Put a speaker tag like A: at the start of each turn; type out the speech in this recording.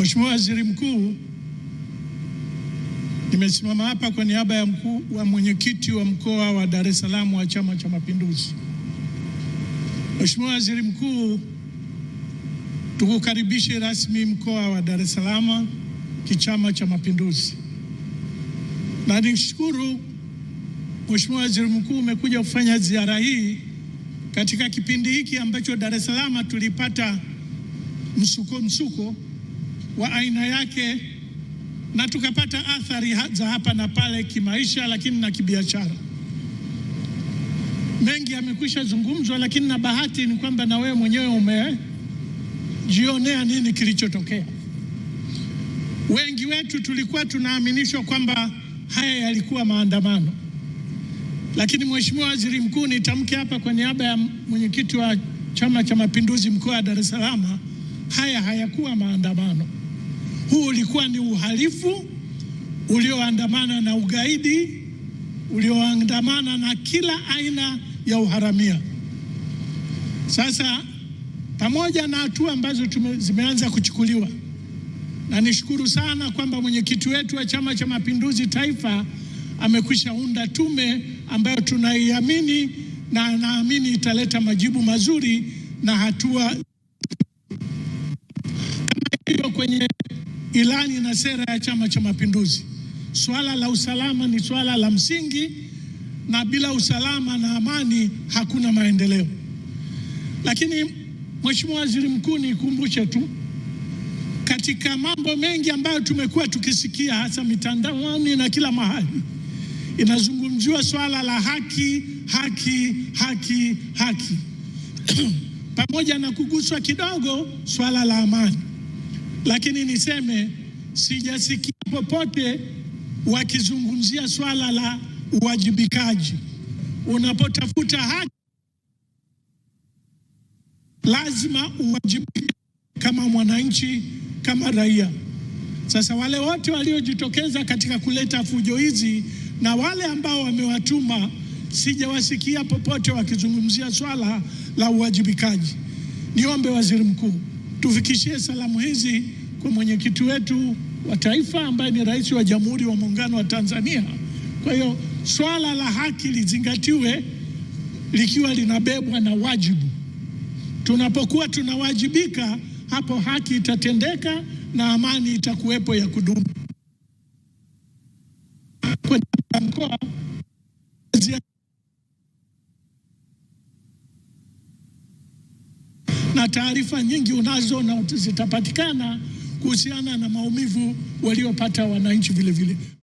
A: Mheshimiwa Waziri Mkuu, nimesimama hapa kwa niaba ya mkuu wa mwenyekiti wa mkoa wa Dar es Salaam wa Chama cha Mapinduzi. Mheshimiwa Waziri Mkuu, tukukaribishe rasmi mkoa wa Dar es Salaam kichama cha Mapinduzi, na nishukuru Mheshimiwa Waziri Mkuu umekuja kufanya ziara hii katika kipindi hiki ambacho Dar es Salaam tulipata msuko msuko wa aina yake na tukapata athari za hapa na pale kimaisha, lakini na kibiashara. Mengi yamekwisha zungumzwa, lakini na bahati ni kwamba na wewe mwenyewe umejionea nini kilichotokea. Wengi wetu tulikuwa tunaaminishwa kwamba haya yalikuwa maandamano, lakini Mheshimiwa Waziri Mkuu, nitamke hapa kwa niaba ya mwenyekiti wa Chama cha Mapinduzi mkoa wa Dar es Salaam, haya hayakuwa maandamano. Huu ulikuwa ni uhalifu ulioandamana na ugaidi, ulioandamana na kila aina ya uharamia. Sasa pamoja na hatua ambazo zimeanza kuchukuliwa, na nishukuru sana kwamba mwenyekiti wetu wa Chama cha Mapinduzi taifa amekwisha unda tume ambayo tunaiamini na anaamini italeta majibu mazuri na hatua kama hiyo kwenye ilani na sera ya Chama cha Mapinduzi. Swala la usalama ni swala la msingi, na bila usalama na amani hakuna maendeleo. Lakini Mheshimiwa Waziri Mkuu, nikumbushe tu katika mambo mengi ambayo tumekuwa tukisikia hasa mitandaoni na kila mahali inazungumziwa swala la haki haki haki haki pamoja na kuguswa kidogo swala la amani. Lakini niseme sijasikia popote wakizungumzia swala la uwajibikaji. Unapotafuta haki lazima uwajibike kama mwananchi, kama raia. Sasa wale wote waliojitokeza katika kuleta fujo hizi na wale ambao wamewatuma, sijawasikia popote wakizungumzia swala la uwajibikaji. Niombe waziri mkuu tufikishie salamu hizi kwa mwenyekiti wetu wa taifa ambaye ni rais wa Jamhuri wa Muungano wa Tanzania. Kwa hiyo swala la haki lizingatiwe likiwa linabebwa na wajibu. Tunapokuwa tunawajibika, hapo haki itatendeka na amani itakuwepo ya kudumu kwa mkoa na taarifa nyingi unazo na zitapatikana kuhusiana na maumivu waliopata wananchi vilevile.